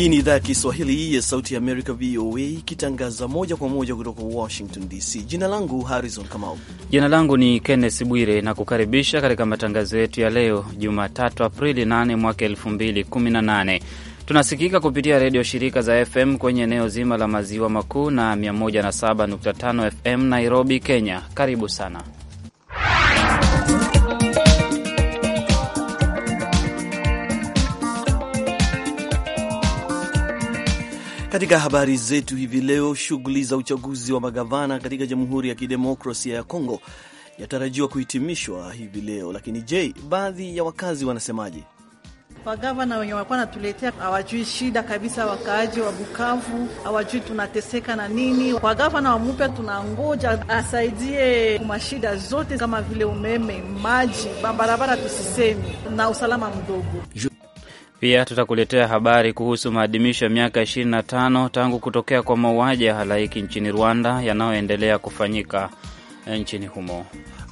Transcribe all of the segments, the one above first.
Hii ni idhaa ya Kiswahili ya Sauti ya Amerika, VOA, ikitangaza moja kwa moja kutoka Washington DC. Jina langu Harrison Kamau. Jina langu ni Kenneth Bwire na kukaribisha katika matangazo yetu ya leo Jumatatu, Aprili 8 mwaka 2018. Tunasikika kupitia redio shirika za FM kwenye eneo zima la maziwa makuu na 107.5 FM Nairobi, Kenya. Karibu sana Katika habari zetu hivi leo, shughuli za uchaguzi wa magavana katika Jamhuri ya Kidemokrasia ya Kongo yatarajiwa kuhitimishwa hivi leo, lakini je, baadhi ya wakazi wanasemaje? Wagavana wenye wakuwa natuletea hawajui shida kabisa, wakaaji wa Bukavu hawajui tunateseka na nini. Wagavana mupya tunangoja asaidie mashida zote kama vile umeme, maji, barabara, tusisemi na usalama mdogo. Pia tutakuletea habari kuhusu maadhimisho ya miaka 25 tangu kutokea kwa mauaji ya halaiki nchini Rwanda yanayoendelea kufanyika eh, nchini humo.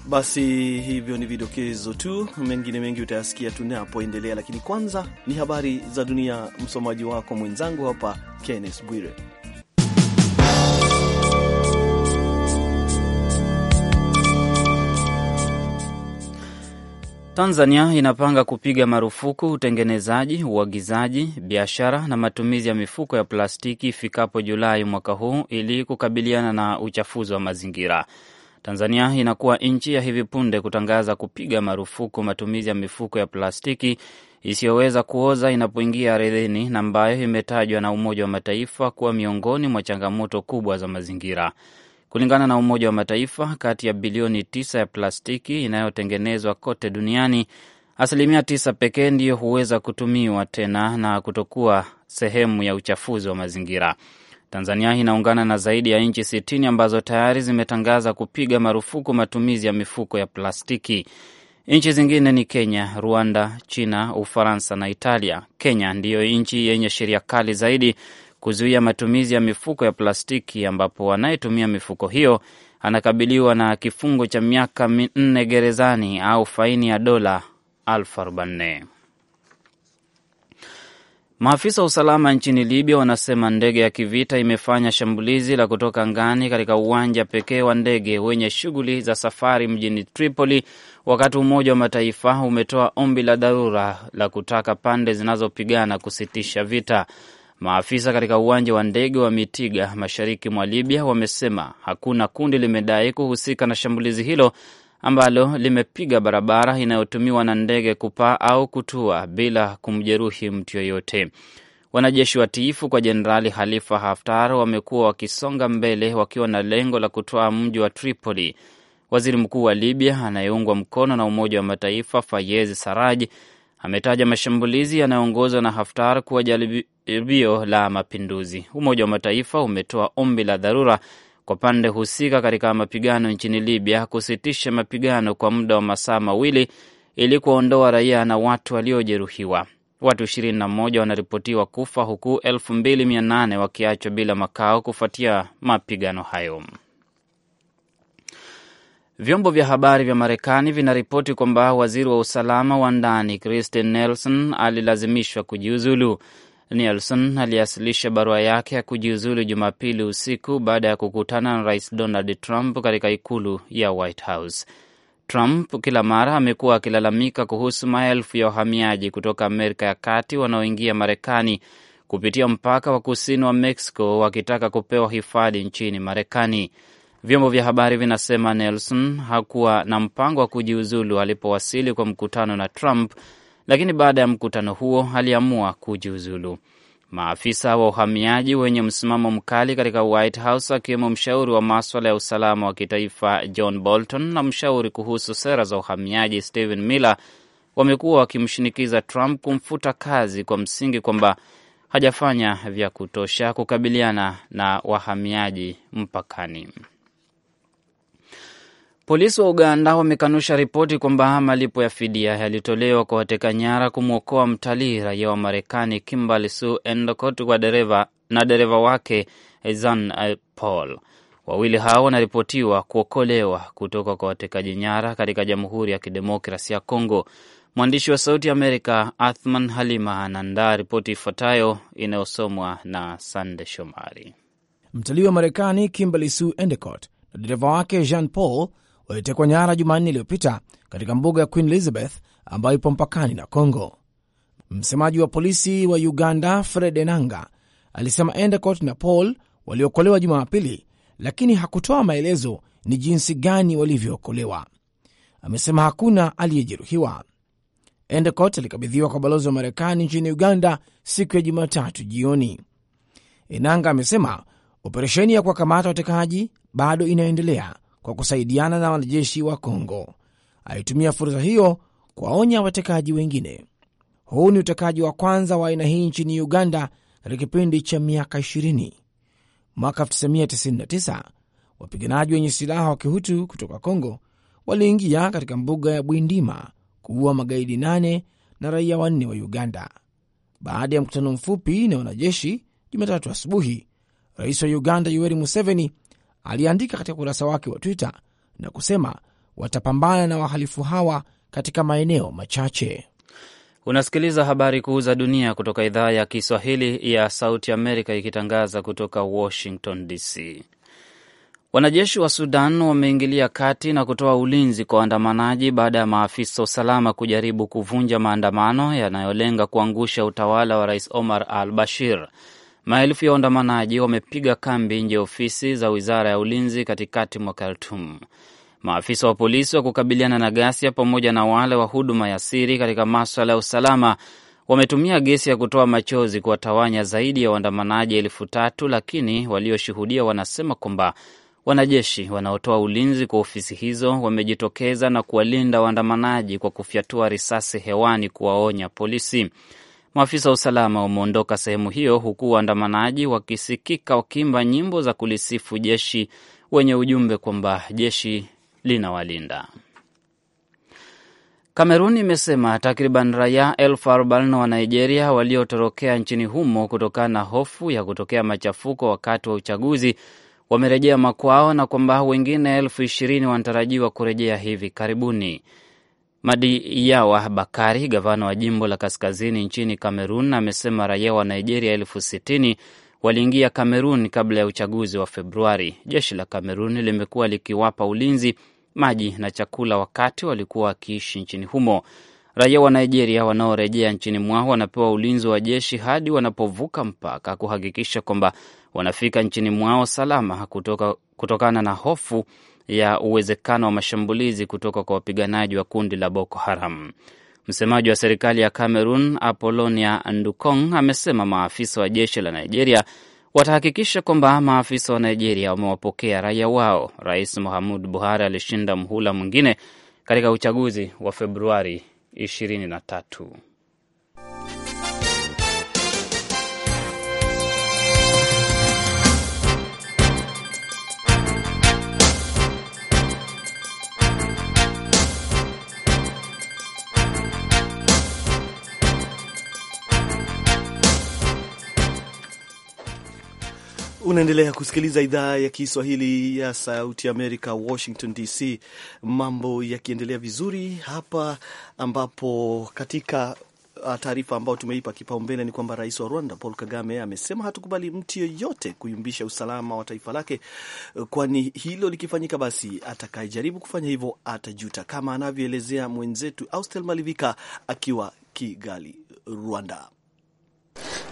Basi hivyo ni vidokezo tu, mengine mengi utayasikia tunapoendelea, lakini kwanza ni habari za dunia. Msomaji wako mwenzangu hapa Kenneth Bwire. Tanzania inapanga kupiga marufuku utengenezaji, uagizaji, biashara na matumizi ya mifuko ya plastiki ifikapo Julai mwaka huu ili kukabiliana na uchafuzi wa mazingira. Tanzania inakuwa nchi ya hivi punde kutangaza kupiga marufuku matumizi ya mifuko ya plastiki isiyoweza kuoza inapoingia ardhini na ambayo imetajwa na Umoja wa Mataifa kuwa miongoni mwa changamoto kubwa za mazingira. Kulingana na Umoja wa Mataifa, kati ya bilioni tisa ya plastiki inayotengenezwa kote duniani, asilimia tisa pekee ndiyo huweza kutumiwa tena na kutokuwa sehemu ya uchafuzi wa mazingira. Tanzania inaungana na zaidi ya nchi sitini ambazo tayari zimetangaza kupiga marufuku matumizi ya mifuko ya plastiki. Nchi zingine ni Kenya, Rwanda, China, Ufaransa na Italia. Kenya ndiyo nchi yenye sheria kali zaidi kuzuia matumizi ya mifuko ya plastiki, ambapo anayetumia mifuko hiyo anakabiliwa na kifungo cha miaka minne gerezani au faini ya dola elfu arobaini. Maafisa wa usalama nchini Libya wanasema ndege ya kivita imefanya shambulizi la kutoka ngani katika uwanja pekee wa ndege wenye shughuli za safari mjini Tripoli, wakati Umoja wa Mataifa umetoa ombi la dharura la kutaka pande zinazopigana kusitisha vita. Maafisa katika uwanja wa ndege wa Mitiga mashariki mwa Libya wamesema hakuna kundi limedai kuhusika na shambulizi hilo ambalo limepiga barabara inayotumiwa na ndege kupaa au kutua bila kumjeruhi mtu yoyote. Wanajeshi watiifu kwa Jenerali halifa Haftar wamekuwa wakisonga mbele wakiwa na lengo la kutoa mji wa Tripoli. Waziri Mkuu wa Libya anayeungwa mkono na Umoja wa Mataifa Fayez Saraj ametaja mashambulizi yanayoongozwa na Haftar kuwa jaribio la mapinduzi. Umoja wa Mataifa umetoa ombi la dharura kwa pande husika katika mapigano nchini Libya kusitisha mapigano kwa muda wa masaa mawili ili kuwaondoa raia na watu waliojeruhiwa. Watu 21 wanaripotiwa kufa huku 2800 wakiachwa bila makao kufuatia mapigano hayo. Vyombo vya habari vya Marekani vinaripoti kwamba waziri wa usalama wa ndani Kristen Nelson alilazimishwa kujiuzulu. Nielsen aliwasilisha barua yake ya kujiuzulu Jumapili usiku baada ya kukutana na Rais Donald Trump katika ikulu ya White House. Trump kila mara amekuwa akilalamika kuhusu maelfu ya wahamiaji kutoka Amerika ya Kati wanaoingia Marekani kupitia mpaka wa kusini wa Mexico wakitaka kupewa hifadhi nchini Marekani. Vyombo vya habari vinasema Nelson hakuwa na mpango wa kujiuzulu alipowasili kwa mkutano na Trump lakini baada ya mkutano huo aliamua kujiuzulu. Maafisa wa uhamiaji wenye msimamo mkali katika White House akiwemo mshauri wa maswala ya usalama wa kitaifa John Bolton na mshauri kuhusu sera za uhamiaji Stephen Miller wamekuwa wakimshinikiza Trump kumfuta kazi kwa msingi kwamba hajafanya vya kutosha kukabiliana na wahamiaji mpakani. Polisi wa Uganda wamekanusha ripoti kwamba malipo ya fidia yalitolewa kwa wateka nyara kumwokoa mtalii raia wa Marekani Kimberly Sue Endicott kwa dereva na dereva wake Zan Paul. Wawili hao wanaripotiwa kuokolewa kutoka kwa watekaji nyara katika Jamhuri ya Kidemokrasi ya Kongo. Mwandishi wa Sauti ya Amerika Athman Halima anaandaa ripoti ifuatayo inayosomwa na Sande Shomari. Mtalii wa Marekani Kimberly Sue Endicott na dereva wake Jean Paul walitekwa nyara Jumanne iliyopita katika mbuga ya Queen Elizabeth ambayo ipo mpakani na Congo. Msemaji wa polisi wa Uganda Fred Enanga alisema Endicott na Paul waliokolewa Jumapili, lakini hakutoa maelezo ni jinsi gani walivyookolewa. Amesema hakuna aliyejeruhiwa. Endicott alikabidhiwa kwa balozi wa Marekani nchini Uganda siku ya Jumatatu jioni. Enanga amesema operesheni ya kuwakamata watekaji bado inaendelea kwa kusaidiana na wanajeshi wa Kongo. Alitumia fursa hiyo kuwaonya watekaji wengine. Huu ni utekaji wa kwanza wa aina hii nchini Uganda katika kipindi cha miaka 20. Mwaka 1999 wapiganaji wenye silaha wa kihutu kutoka Kongo waliingia katika mbuga ya Bwindima kuua magaidi nane na raia wanne wa Uganda. Baada ya mkutano mfupi na wanajeshi Jumatatu asubuhi, rais wa Uganda Yoweri Museveni aliandika katika ukurasa wake wa Twitter na kusema watapambana na wahalifu hawa katika maeneo machache. Unasikiliza habari kuu za dunia kutoka idhaa ya Kiswahili ya Sauti Amerika ikitangaza kutoka Washington DC. Wanajeshi wa Sudan wameingilia kati na kutoa ulinzi kwa waandamanaji baada ya maafisa usalama kujaribu kuvunja maandamano yanayolenga kuangusha utawala wa Rais Omar al Bashir. Maelfu ya waandamanaji wamepiga kambi nje ya ofisi za wizara ya ulinzi katikati mwa Khartum. Maafisa wa polisi wa kukabiliana na ghasia pamoja na wale wa huduma ya siri katika maswala ya usalama wametumia gesi ya kutoa machozi kuwatawanya zaidi ya waandamanaji elfu tatu, lakini walioshuhudia wanasema kwamba wanajeshi wanaotoa ulinzi kwa ofisi hizo wamejitokeza na kuwalinda waandamanaji kwa kufyatua risasi hewani kuwaonya polisi. Maafisa wa usalama wameondoka sehemu hiyo, huku waandamanaji wakisikika wakiimba nyimbo za kulisifu jeshi wenye ujumbe kwamba jeshi linawalinda. Kamerun imesema takriban raia elfu arobaini wa Nigeria waliotorokea nchini humo kutokana na hofu ya kutokea machafuko wakati wa uchaguzi wamerejea makwao na kwamba wengine elfu ishirini wanatarajiwa kurejea hivi karibuni. Madiyawa Bakari, gavana wa jimbo la kaskazini nchini Kamerun, amesema raia wa Nigeria elfu sitini waliingia Kamerun kabla ya uchaguzi wa Februari. Jeshi la Kamerun limekuwa likiwapa ulinzi, maji na chakula wakati walikuwa wakiishi nchini humo. Raia wa Nigeria wanaorejea nchini mwao wanapewa ulinzi wa jeshi hadi wanapovuka mpaka, kuhakikisha kwamba wanafika nchini mwao salama kutoka, kutokana na hofu ya uwezekano wa mashambulizi kutoka kwa wapiganaji wa kundi la Boko Haram. Msemaji wa serikali ya Cameroon, Apolonia Ndukong, amesema maafisa wa jeshi la Nigeria watahakikisha kwamba maafisa wa Nigeria wamewapokea raia wao. Rais Muhammadu Buhari alishinda mhula mwingine katika uchaguzi wa Februari 23. Unaendelea kusikiliza idhaa ya Kiswahili ya Sauti Amerika, Washington DC. Mambo yakiendelea vizuri hapa, ambapo katika uh, taarifa ambayo tumeipa kipaumbele ni kwamba rais wa Rwanda Paul Kagame amesema hatukubali mtu yeyote kuyumbisha usalama wa taifa lake, uh, kwani hilo likifanyika, basi atakayejaribu kufanya hivyo atajuta, kama anavyoelezea mwenzetu Austel Malivika akiwa Kigali, Rwanda.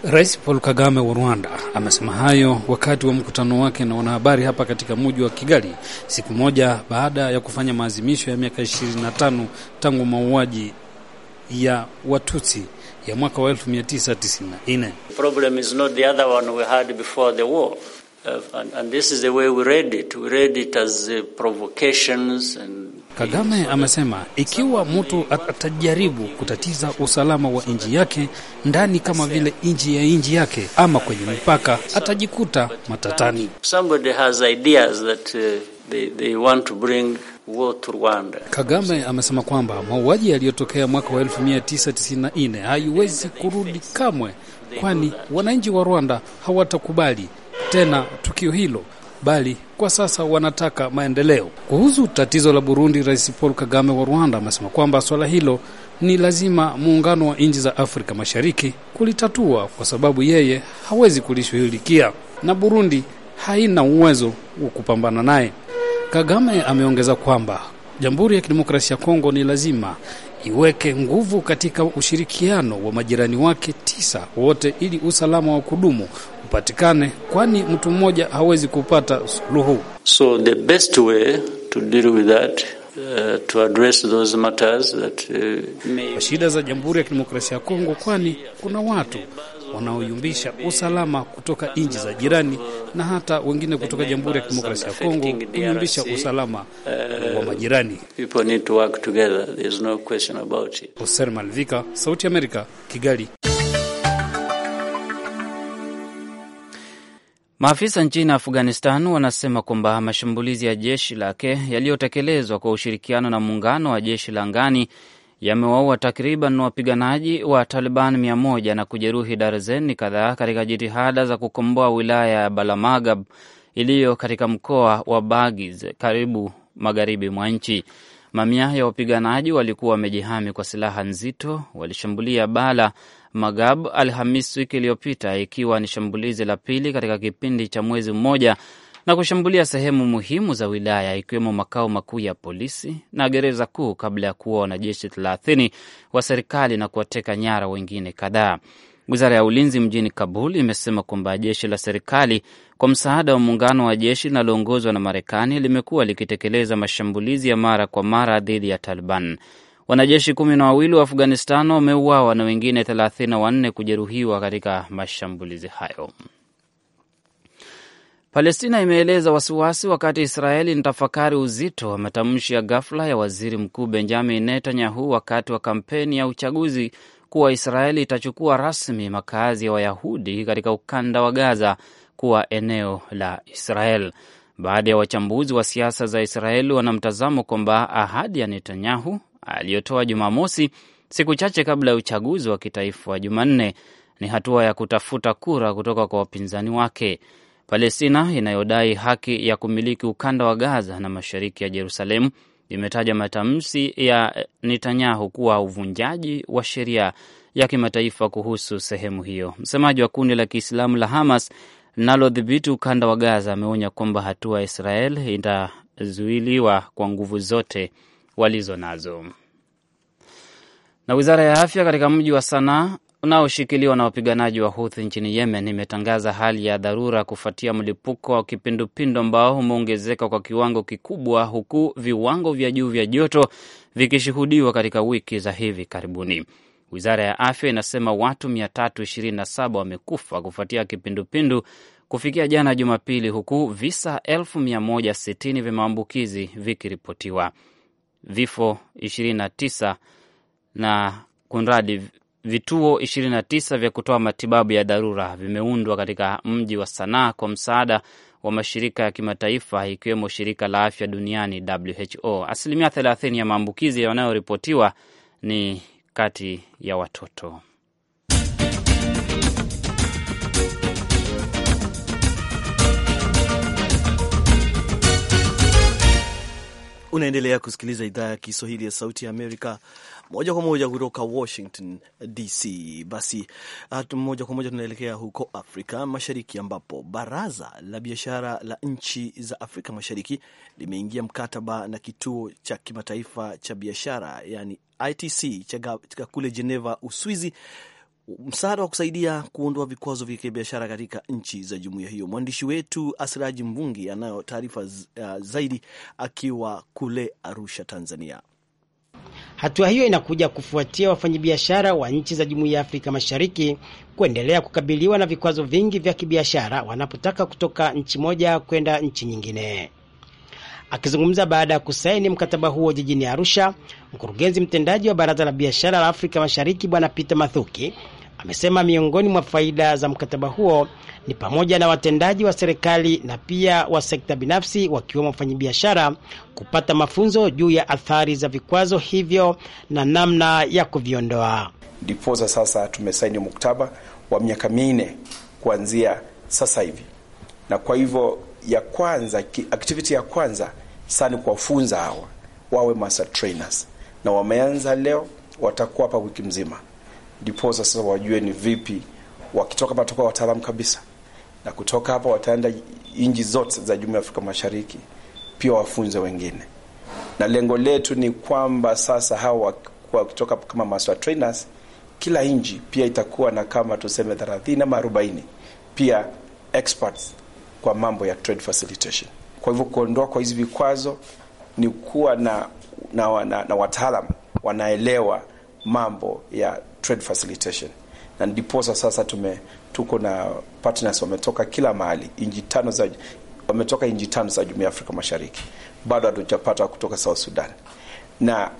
Rais Paul Kagame wa Rwanda amesema hayo wakati wa mkutano wake na wanahabari hapa katika mji wa Kigali, siku moja baada ya kufanya maazimisho ya miaka 25 tangu mauaji ya Watutsi ya mwaka wa 1994. Problem is not the other one we had before the war. Uh, and, and this is the way we read it. We read it as uh, provocations and Kagame amesema ikiwa mtu atajaribu kutatiza usalama wa nchi yake ndani kama vile nchi ya nchi yake ama kwenye mipaka atajikuta matatani. Somebody has ideas that, uh, they, they want to bring Kagame amesema kwamba mauaji yaliyotokea mwaka wa 1994 haiwezi kurudi kamwe, kwani wananchi wa Rwanda hawatakubali tena tukio hilo bali kwa sasa wanataka maendeleo. Kuhusu tatizo la Burundi, Rais Paul Kagame wa Rwanda amesema kwamba swala hilo ni lazima muungano wa nchi za Afrika Mashariki kulitatua kwa sababu yeye hawezi kulishughulikia na Burundi haina uwezo wa kupambana naye. Kagame ameongeza kwamba Jamhuri ya Kidemokrasia ya Kongo ni lazima iweke nguvu katika ushirikiano wa majirani wake tisa wote, ili usalama wa kudumu upatikane, kwani mtu mmoja hawezi kupata suluhu. So the best way to deal with that Uh, uh, may... shida za Jamhuri ya Kidemokrasia ya Kongo, kwani kuna watu wanaoyumbisha usalama kutoka nchi za jirani na hata wengine kutoka Jamhuri ya Kidemokrasia ya Kongo kuyumbisha usalama wa majirani. Hosen Malvika, Sauti ya Amerika, Kigali. Maafisa nchini Afghanistan wanasema kwamba mashambulizi ya jeshi lake yaliyotekelezwa kwa ushirikiano na muungano wa jeshi la angani yamewaua takriban wapiganaji wa Taliban mia moja na kujeruhi darzeni kadhaa katika jitihada za kukomboa wilaya ya Balamagab iliyo katika mkoa wa Bagiz karibu magharibi mwa nchi. Mamia ya wapiganaji walikuwa wamejihami kwa silaha nzito, walishambulia Bala Magab Alhamis wiki iliyopita, ikiwa ni shambulizi la pili katika kipindi cha mwezi mmoja na kushambulia sehemu muhimu za wilaya ikiwemo makao makuu ya polisi na gereza kuu kabla ya kuua wanajeshi thelathini wa serikali na kuwateka nyara wengine kadhaa. Wizara ya ulinzi mjini Kabul imesema kwamba jeshi la serikali kwa msaada wa muungano wa jeshi linaloongozwa na Marekani limekuwa likitekeleza mashambulizi ya mara kwa mara dhidi ya Taliban. Wanajeshi kumi na wawili wa Afghanistan wameuawa na wengine thelathini na wanne kujeruhiwa katika mashambulizi hayo. Palestina imeeleza wasiwasi wakati Israeli inatafakari uzito wa matamshi ya ghafla ya waziri mkuu Benjamin Netanyahu wakati wa kampeni ya uchaguzi kuwa Israeli itachukua rasmi makazi ya Wayahudi katika ukanda wa Gaza kuwa eneo la Israel. Baadhi ya wachambuzi wa siasa za Israeli wana mtazamo kwamba ahadi ya Netanyahu aliyotoa Jumamosi, siku chache kabla ya uchaguzi wa kitaifa wa Jumanne, ni hatua ya kutafuta kura kutoka kwa wapinzani wake. Palestina inayodai haki ya kumiliki ukanda wa Gaza na mashariki ya Jerusalemu imetaja matamshi ya Netanyahu kuwa uvunjaji wa sheria ya kimataifa kuhusu sehemu hiyo. Msemaji wa kundi la Kiislamu la Hamas linalodhibiti ukanda wa Gaza ameonya kwamba hatua ya Israel itazuiliwa kwa nguvu zote walizo nazo. Na wizara ya afya katika mji wa Sanaa unaoshikiliwa na wapiganaji wa Huthi nchini Yemen imetangaza hali ya dharura kufuatia mlipuko wa kipindupindu ambao umeongezeka kwa kiwango kikubwa, huku viwango vya juu vya joto vikishuhudiwa katika wiki za hivi karibuni. Wizara ya afya inasema watu 327 wamekufa kufuatia kipindupindu kufikia jana Jumapili, huku visa 1160 vya maambukizi vikiripotiwa. Vifo 29 na kunradi Vituo 29 vya kutoa matibabu ya dharura vimeundwa katika mji wa Sanaa kwa msaada wa mashirika ya kimataifa ikiwemo shirika la afya duniani WHO. Asilimia 30 ya maambukizi yanayoripotiwa ni kati ya watoto. Unaendelea kusikiliza idhaa ya Kiswahili ya Sauti ya Amerika moja kwa moja kutoka Washington DC. Basi ah, moja kwa moja tunaelekea huko Afrika Mashariki, ambapo baraza la biashara la nchi za Afrika Mashariki limeingia mkataba na kituo cha kimataifa cha biashara yani ITC cha kule Geneva, Uswizi, msaada wa kusaidia kuondoa vikwazo vya kibiashara katika nchi za jumuiya hiyo. Mwandishi wetu Asiraji Mvungi anayo taarifa ah, zaidi akiwa kule Arusha, Tanzania. Hatua hiyo inakuja kufuatia wafanyabiashara wa nchi za Jumuiya ya Afrika Mashariki kuendelea kukabiliwa na vikwazo vingi vya kibiashara wanapotaka kutoka nchi moja kwenda nchi nyingine. Akizungumza baada ya kusaini mkataba huo jijini Arusha, mkurugenzi mtendaji wa Baraza la Biashara la Afrika Mashariki Bwana Peter Mathuki amesema miongoni mwa faida za mkataba huo ni pamoja na watendaji wa serikali na pia wa sekta binafsi wakiwemo wafanyabiashara kupata mafunzo juu ya athari za vikwazo hivyo na namna ya kuviondoa. Ndiposa sasa tumesaini mkataba wa miaka minne kuanzia sasa hivi, na kwa hivyo ya kwanza, activity ya kwanza sasa ni kuwafunza hawa wawe master trainers, na wameanza leo, watakuwa hapa wiki mzima ndiposa sasa wajue ni vipi. Wakitoka patoka wataalamu kabisa, na kutoka hapa wataenda nchi zote za jumuiya ya Afrika Mashariki pia wafunze wengine, na lengo letu ni kwamba sasa hawa wakitoka kama master trainers, kila nchi pia itakuwa na kama tuseme 30 ama 40 pia experts kwa mambo ya trade facilitation. Kwa hivyo kuondoa kwa hizi vikwazo ni kuwa na, na, na, na wataalam wanaelewa mambo ya trade facilitation, na ndiposa sasa tume tuko na partners wametoka kila mahali, inji tano za wametoka inji tano za jumuiya ya Afrika Mashariki, bado hatujapata kutoka South Sudan, na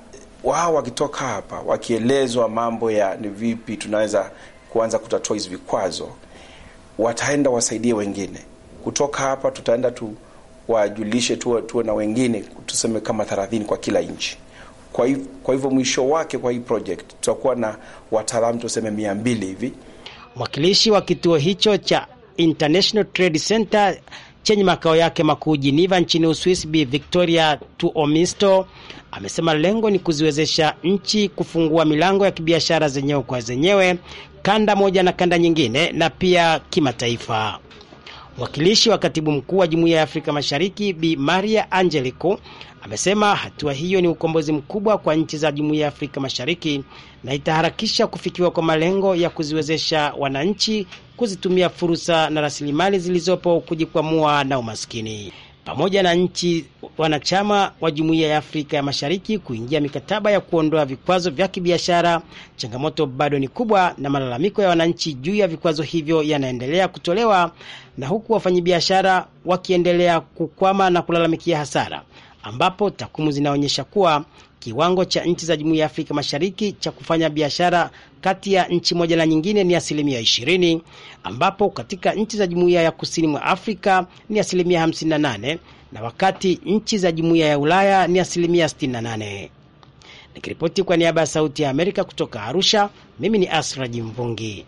wao wakitoka hapa wakielezwa mambo ya ni vipi tunaweza kuanza kutatua hizi vikwazo, wataenda wasaidie wengine kutoka hapa, tutaenda tu wajulishe tuwe, tuwe na wengine tuseme kama thelathini kwa kila nchi. Kwa hivyo, kwa hivyo mwisho wake kwa hii project tutakuwa na wataalamu tuseme mia mbili hivi. Mwakilishi wa kituo hicho cha International Trade Center chenye makao yake makuu Geneva nchini Uswisi, Bi Victoria Tuomisto amesema lengo ni kuziwezesha nchi kufungua milango ya kibiashara zenyewe kwa zenyewe, kanda moja na kanda nyingine, na pia kimataifa. Mwakilishi wa katibu mkuu wa Jumuiya ya Afrika Mashariki Bi Maria Angelico Amesema hatua hiyo ni ukombozi mkubwa kwa nchi za Jumuiya ya Afrika Mashariki na itaharakisha kufikiwa kwa malengo ya kuziwezesha wananchi kuzitumia fursa na rasilimali zilizopo kujikwamua na umaskini pamoja na nchi wanachama wa Jumuiya ya Afrika ya Mashariki kuingia mikataba ya kuondoa vikwazo vya kibiashara, changamoto bado ni kubwa na malalamiko ya wananchi juu ya vikwazo hivyo yanaendelea kutolewa, na huku wafanyabiashara wakiendelea kukwama na kulalamikia hasara ambapo takwimu zinaonyesha kuwa kiwango cha nchi za Jumuiya ya Afrika Mashariki cha kufanya biashara kati ya nchi moja na nyingine ni asilimia 20, ambapo katika nchi za Jumuiya ya Kusini mwa Afrika ni asilimia 58 na wakati nchi za Jumuiya ya Ulaya ni asilimia 68. Nikiripoti kwa niaba ya Sauti ya Amerika kutoka Arusha, mimi ni Asra Jimvungi.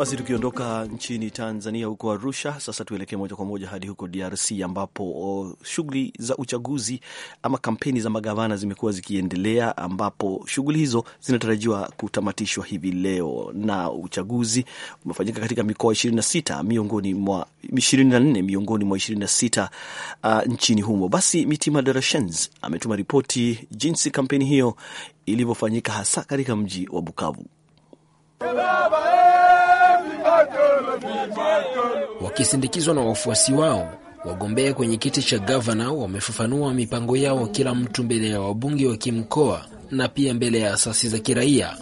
Basi tukiondoka nchini Tanzania, huko Arusha, sasa tuelekee moja kwa moja hadi huko DRC ambapo shughuli za uchaguzi ama kampeni za magavana zimekuwa zikiendelea, ambapo shughuli hizo zinatarajiwa kutamatishwa hivi leo, na uchaguzi umefanyika katika mikoa 26 miongoni mwa 24 miongoni mwa 26 uh, nchini humo. Basi Mitima Darashens ametuma ripoti jinsi kampeni hiyo ilivyofanyika hasa katika mji wa Bukavu. Eh! Wakisindikizwa na wafuasi wao, wagombea kwenye kiti cha gavana wamefafanua mipango yao kila mtu mbele ya wabunge wa kimkoa na pia mbele ya asasi za kiraia.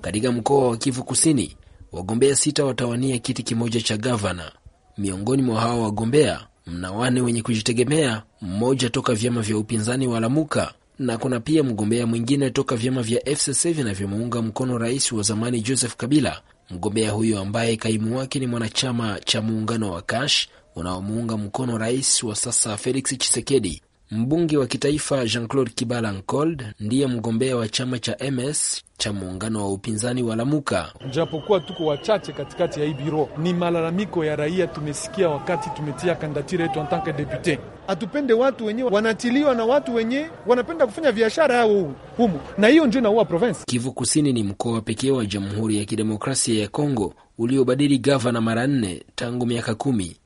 Katika mkoa wa Kivu Kusini, wagombea sita watawania kiti kimoja cha gavana. Miongoni mwa hawa wagombea mna wane wenye kujitegemea, mmoja toka vyama vya upinzani wa Lamuka na kuna pia mgombea mwingine toka vyama vya FCC vinavyomuunga mkono rais wa zamani Joseph Kabila Mgombea huyo ambaye kaimu wake ni mwanachama cha muungano wa Kash unaomuunga mkono rais wa sasa Felix chisekedi Mbunge wa kitaifa Jean-Claude Kibala Nkold ndiye mgombea wa chama cha MS cha muungano wa upinzani wa Lamuka. Japokuwa tuko wachache katikati ya hii biro, ni malalamiko ya raia tumesikia wakati tumetia kandidatira yetu antanke depute. Hatupende watu wenyewe wanatiliwa na watu wenye wanapenda kufanya biashara yao humu, na hiyo ndio inaua province. Kivu Kusini ni mkoa pekee wa Jamhuri ya Kidemokrasia ya Kongo uliobadili gavana mara nne tangu miaka kumi.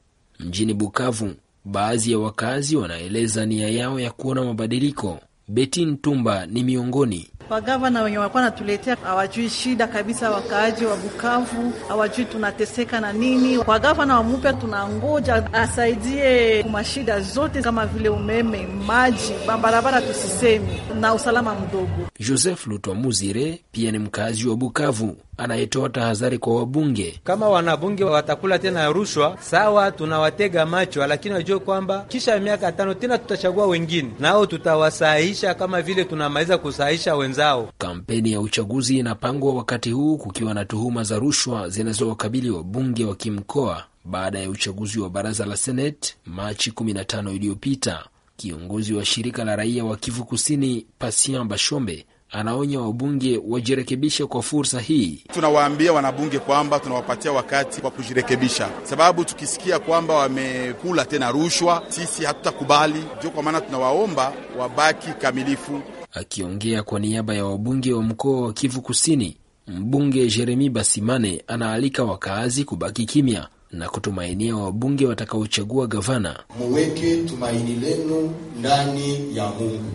Mjini Bukavu Baadhi ya wakazi wanaeleza nia yao ya kuona mabadiliko. Betin Tumba ni miongoni wagavana wenye walikuwa natuletea, hawajui shida kabisa. Wakaaji wa Bukavu hawajui tunateseka na nini. Wagavana wamupya tunangoja asaidie mashida zote kama vile umeme, maji, barabara, tusisemi na usalama mdogo. Joseph Lutwa Muzire pia ni mkaaji wa Bukavu anayetoa tahadhari kwa wabunge. Kama wanabunge watakula tena rushwa, sawa, tunawatega macho, lakini wajue kwamba kisha miaka tano tena tutachagua wengine, nao tutawasahisha kama vile tunamaliza kusahisha wenzao. Kampeni ya uchaguzi inapangwa wakati huu kukiwa na tuhuma za rushwa zinazowakabili wabunge wa kimkoa baada ya uchaguzi wa baraza la seneti Machi 15 iliyopita. Kiongozi wa shirika la raia wa Kivu Kusini, Patient Bashombe anaonya wabunge wajirekebishe kwa fursa hii. Tunawaambia wanabunge kwamba tunawapatia wakati wa kujirekebisha, sababu tukisikia kwamba wamekula tena rushwa, sisi hatutakubali. Ndio kwa maana tunawaomba wabaki kamilifu. Akiongea kwa niaba ya wabunge wa mkoa wa Kivu Kusini, mbunge Jeremi Basimane anaalika wakaazi kubaki kimya na kutumainia wabunge watakaochagua gavana. Muweke tumaini lenu ndani ya Mungu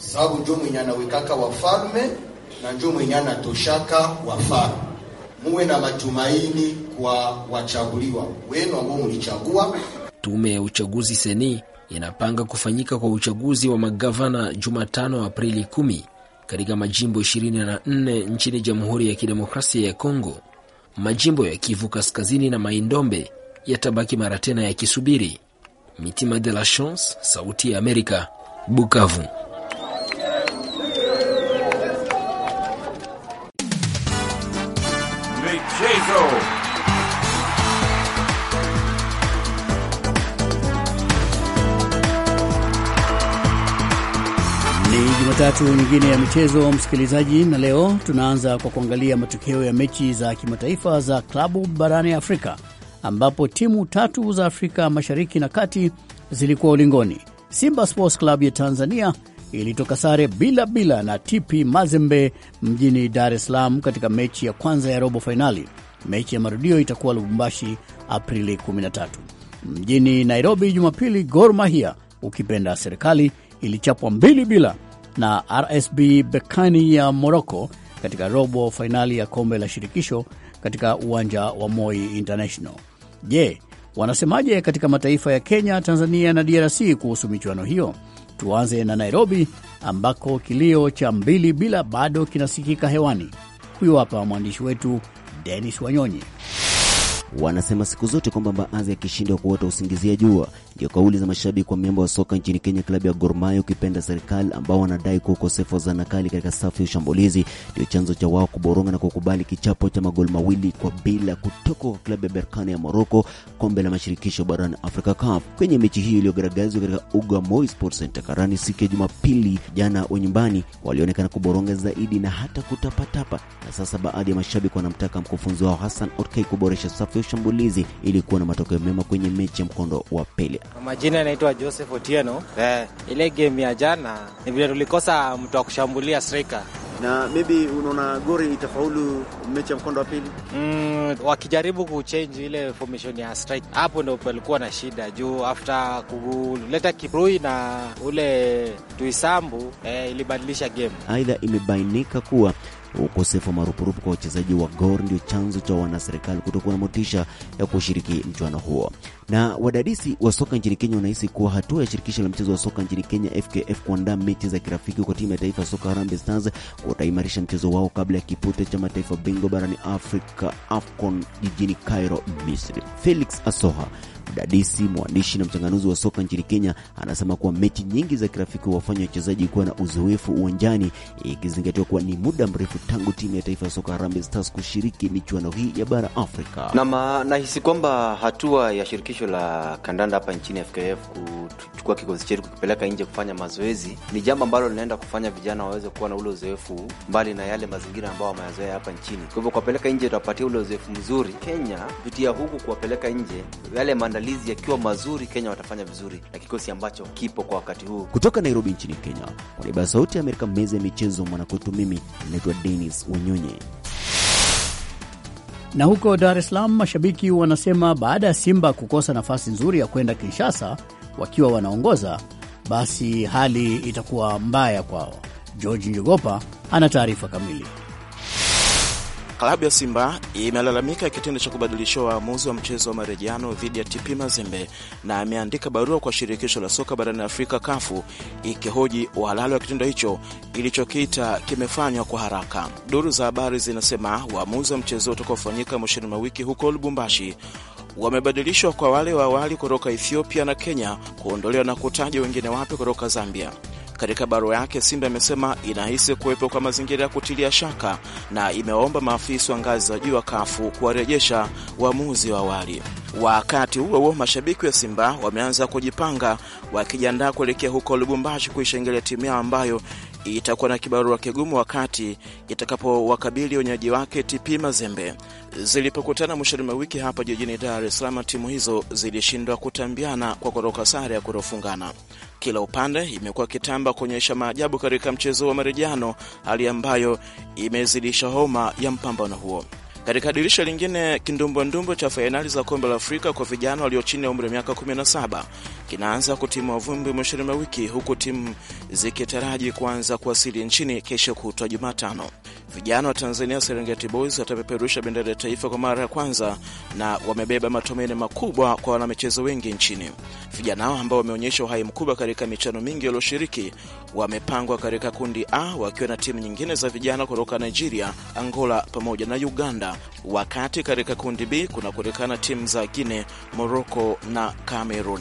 sababu njo mwenye anawekaka wafalme na njo mwenye anatoshaka wafalme. Muwe na matumaini kwa wachaguliwa wenu ambao mlichagua. Tume ya uchaguzi seni inapanga kufanyika kwa uchaguzi wa magavana Jumatano Aprili 10 katika majimbo 24 nchini Jamhuri ya Kidemokrasia ya Kongo. Majimbo ya Kivu Kaskazini na Maindombe yatabaki mara tena yakisubiri. Mitima de la Chance, Sauti ya Amerika, Bukavu. Jumatatu nyingine ya michezo, msikilizaji, na leo tunaanza kwa kuangalia matokeo ya mechi za kimataifa za klabu barani Afrika, ambapo timu tatu za Afrika mashariki na kati zilikuwa ulingoni. Simba Sports Club ya Tanzania ilitoka sare bila bila na TP Mazembe mjini Dar es Salaam katika mechi ya kwanza ya robo fainali. Mechi ya marudio itakuwa Lubumbashi Aprili 13. Mjini Nairobi Jumapili, Gor Mahia ukipenda serikali ilichapwa mbili bila na RSB bekani ya moroko katika robo fainali ya kombe la shirikisho katika uwanja wa Moi International. Je, wanasemaje katika mataifa ya Kenya, Tanzania na DRC kuhusu michuano hiyo? Tuanze na Nairobi ambako kilio cha mbili bila bado kinasikika hewani. Huyu hapa mwandishi wetu Denis Wanyonyi wanasema siku zote kwamba mbaazi akishindwa kuota usingizia jua. Ndio kauli za mashabiki wa miamba wa soka nchini Kenya, klabu ya Gor Mahia ukipenda serikali, ambao wanadai kuwa ukosefu wa zanakali katika safu ya ushambulizi ndio chanzo cha wao kuboronga na kukubali kichapo cha magoli mawili kwa bila kutoka kwa klabu ya Berkane ya Morocco, kombe la mashirikisho barani Afrika CAF, kwenye mechi hiyo iliyogaragazwa katika uga Moi Sports Center Karani siku ya Jumapili jana. wa nyumbani walionekana kuboronga zaidi na hata kutapatapa, na sasa baadhi ya mashabiki wanamtaka mkufunzi wao Hassan Oktay kuboresha safu ya ushambulizi ili kuwa na matokeo mema kwenye mechi ya mkondo wa pili. majina yanaitwa Joseph Otieno. Eh, ile game ya jana ni vile tulikosa mtu wa kushambulia striker na maybe unaona gori itafaulu mechi ya mkondo wa pili. Mm, wakijaribu kuchange ile formation ya strike, hapo ndo palikuwa na shida juu after kuleta Kiprui na ule Tuisambu eh, ilibadilisha game. Aidha, imebainika kuwa Ukosefu wa marupurupu kwa wachezaji wa Gor ndio chanzo cha wanaserikali kutokuwa na motisha ya kushiriki mchuano huo. Na wadadisi wa soka nchini Kenya wanahisi kuwa hatua ya shirikisho la mchezo wa soka nchini Kenya FKF kuandaa mechi za kirafiki kwa timu ya taifa soka Harambee Stars utaimarisha mchezo wao kabla ya kipute cha mataifa bingwa barani Afrika AFCON jijini Cairo, Misri. Felix Asoha Dadisi, mwandishi na mchanganuzi wa soka nchini Kenya, anasema kuwa mechi nyingi za kirafiki huwafanya wachezaji kuwa na uzoefu uwanjani, ikizingatiwa kuwa ni muda mrefu tangu timu ya taifa ya soka Harambee Stars kushiriki michuano hii ya bara Afrika. Na nahisi kwamba hatua ya shirikisho la kandanda hapa nchini FKF kuchukua kikosi chetu kukipeleka nje kufanya mazoezi ni jambo ambalo linaenda kufanya vijana waweze kuwa na ule uzoefu, mbali na yale mazingira ambayo wameyazoea hapa nchini. Kwa hivyo kuwapeleka nje itawapatia ule uzoefu mzuri Kenya kupitia huku kuwapeleka nje yale manda maandalizi yakiwa mazuri, Kenya watafanya vizuri na kikosi ambacho kipo kwa wakati huu. Kutoka Nairobi nchini Kenya, kwa niaba ya Sauti ya Amerika, meza ya michezo mwanakwetu, mimi naitwa Denis Wanyonye. Na huko Dar es Salaam, mashabiki wanasema baada ya Simba kukosa nafasi nzuri ya kwenda Kinshasa wakiwa wanaongoza, basi hali itakuwa mbaya kwao. George Njogopa ana taarifa kamili. Klabu ya Simba imelalamika kitendo cha kubadilishiwa waamuzi wa mchezo wa marejiano dhidi ya TP Mazembe na ameandika barua kwa shirikisho la soka barani Afrika kafu ikihoji uhalali wa kitendo hicho ilichokiita kimefanywa kwa haraka. Duru za habari zinasema waamuzi wa mchezo utakaofanyika mwishoni mwa wiki huko Lubumbashi wamebadilishwa kwa wale wa awali kutoka Ethiopia na Kenya kuondolewa na kutaja wengine wapya kutoka Zambia. Katika barua yake, Simba imesema inahisi kuwepo kwa mazingira ya kutilia shaka na imewaomba maafisa wa ngazi za juu wa kafu kuwarejesha uamuzi wa awali. Wakati huo huo, mashabiki wa Simba wameanza kujipanga, wakijiandaa kuelekea huko Lubumbashi kuishengelea timu yao ambayo itakuwa na kibarua kigumu wakati itakapowakabili wenyeji wake TP Mazembe. Zilipokutana mwishoni mwa wiki hapa jijini Dar es Salaam, timu hizo zilishindwa kutambiana kwa kutoka sare ya kutofungana kila upande imekuwa kitamba kuonyesha maajabu katika mchezo wa marejano, hali ambayo imezidisha homa ya mpambano huo. Katika dirisha lingine, kindumbwandumbo cha fainali za kombe la Afrika kwa vijana walio chini ya umri wa miaka 17 kinaanza kutimwa vumbi mwishoni mwa wiki, huku timu zikitaraji kuanza kuwasili nchini kesho kutwa Jumatano. Vijana wa Tanzania Serengeti Boys watapeperusha bendera ya taifa kwa mara ya kwanza na wamebeba matumaini makubwa kwa wanamichezo wengi nchini. Vijana hao ambao wameonyesha uhai mkubwa katika michano mingi walioshiriki wamepangwa katika kundi A wakiwa na timu nyingine za vijana kutoka Nigeria, Angola pamoja na Uganda wakati katika kundi B kuna kuonekana timu za Guine, Moroko na Cameroon.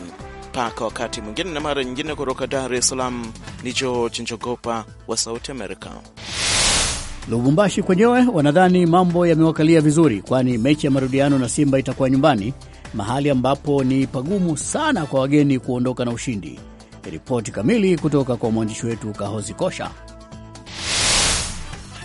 Mpaka wakati mwingine na mara nyingine, kutoka Dar es Salaam ni George Njogopa wa Sauti Amerika. Lubumbashi kwenyewe wanadhani mambo yamewakalia vizuri, kwani mechi ya marudiano na Simba itakuwa nyumbani, mahali ambapo ni pagumu sana kwa wageni kuondoka na ushindi. Ripoti kamili kutoka kwa mwandishi wetu Kahozi Kosha.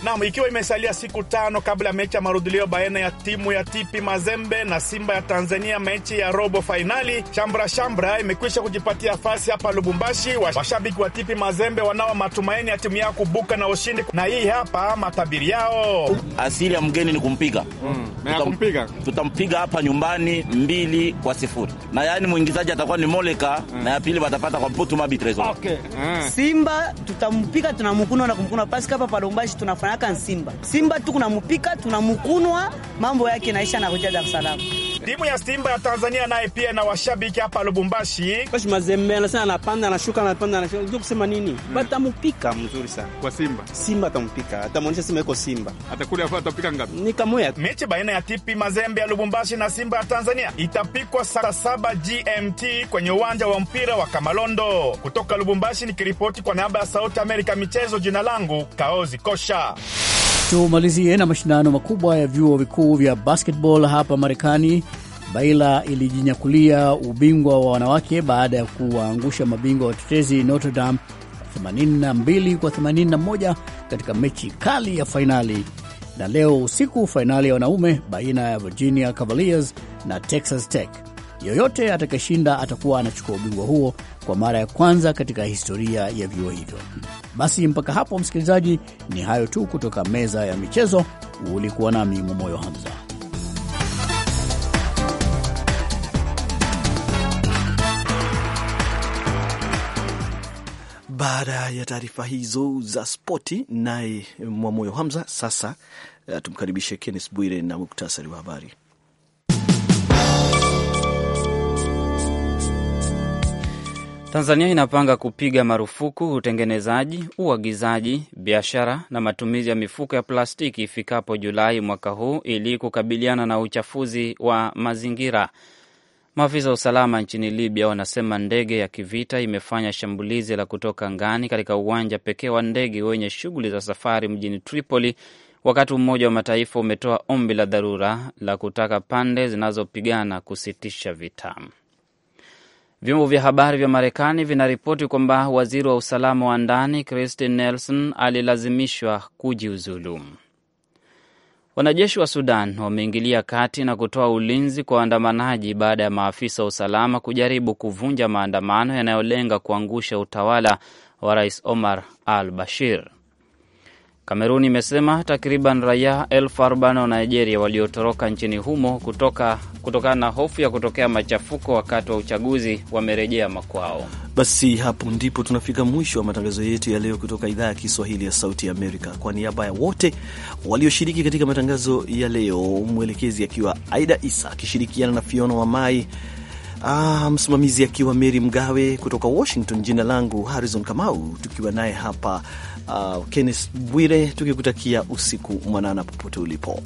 Naam, ikiwa imesalia siku tano kabla ya mechi ya marudhulio baina ya timu ya Tipi Mazembe na Simba ya Tanzania, mechi ya robo fainali, shambra shambra imekwisha kujipatia fasi hapa Lubumbashi. Washabiki wa Tipi Mazembe wanao matumaini ya timu yao kubuka na ushindi, na hii hapa matabiri yao. Asili ya mgeni ni kumpiga mm. Tutampiga, tutampiga hapa nyumbani mbili kwa sifuri, na yaani mwingizaji atakuwa ni Moleka mm. na ya pili watapata kwa Mputu Mabitrezo. Okay. Mm. Simba tutampiga tunamkuna na kumkuna pasi hapa pa Lubumbashi tunafanya tunafanyaka Simba Simba, kunamupika tunamukunwa, mambo yake naisha, nakuja Dar es Salaam. Timu ya Simba ya Tanzania naye pia na washabiki hapa Lubumbashi. Basi Mazembe anasema anapanda anashuka anapanda anashuka. Unajua kusema nini? Hmm. Bata mpika mzuri sana. Kwa Simba. Simba atampika. Atamuonesha Simba iko Simba. Atakuja hapa atapika ngapi? Ni kamoya. Mechi baina ya Tipi Mazembe ya Lubumbashi na Simba ya Tanzania itapikwa saa saba GMT kwenye uwanja wa mpira wa Kamalondo. Kutoka Lubumbashi nikiripoti kwa niaba ya Sauti Amerika michezo, jina langu Kaozi Kosha. Tumalizie na mashindano makubwa ya vyuo vikuu vya basketball hapa Marekani. Baila ilijinyakulia ubingwa wa wanawake baada ya kuwaangusha mabingwa watetezi Notre Dame 82 kwa 81 katika mechi kali ya fainali. Na leo usiku fainali ya wanaume baina ya Virginia Cavaliers na Texas Tech. Yoyote atakayeshinda atakuwa anachukua ubingwa huo kwa mara ya kwanza katika historia ya vyuo hivyo. Basi mpaka hapo, msikilizaji, ni hayo tu kutoka meza ya michezo. Ulikuwa nami Mumoyo Hamza. Baada ya taarifa hizo za spoti, naye Mwamoyo Hamza, sasa eh, tumkaribishe Kennes Bwire na muktasari wa habari. Tanzania inapanga kupiga marufuku utengenezaji, uagizaji, biashara na matumizi ya mifuko ya plastiki ifikapo Julai mwaka huu ili kukabiliana na uchafuzi wa mazingira. Maafisa wa usalama nchini Libya wanasema ndege ya kivita imefanya shambulizi la kutoka ngani katika uwanja pekee wa ndege wenye shughuli za safari mjini Tripoli, wakati Umoja wa Mataifa umetoa ombi la dharura la kutaka pande zinazopigana kusitisha vita. Vyombo vya habari vya Marekani vinaripoti kwamba waziri wa usalama wa ndani cristin Nelson alilazimishwa kujiuzulu. Wanajeshi wa Sudan wameingilia kati na kutoa ulinzi kwa waandamanaji baada ya maafisa wa usalama kujaribu kuvunja maandamano yanayolenga kuangusha utawala wa rais Omar al Bashir kamerun imesema takriban raia elfu arobaini wa Nigeria waliotoroka nchini humo kutoka kutokana na hofu ya kutokea machafuko wakati wa uchaguzi wamerejea makwao. Basi hapo ndipo tunafika mwisho wa matangazo yetu ya leo kutoka idhaa ya Kiswahili ya Sauti ya Amerika. Kwa niaba ya wote walioshiriki katika matangazo ya leo, mwelekezi akiwa Aida Isa akishirikiana na Fiona wa Mai, ah, msimamizi akiwa Meri Mgawe kutoka Washington. Jina langu Harrison Kamau, tukiwa naye hapa uh, Kenneth Bwire tukikutakia usiku mwanana popote ulipo.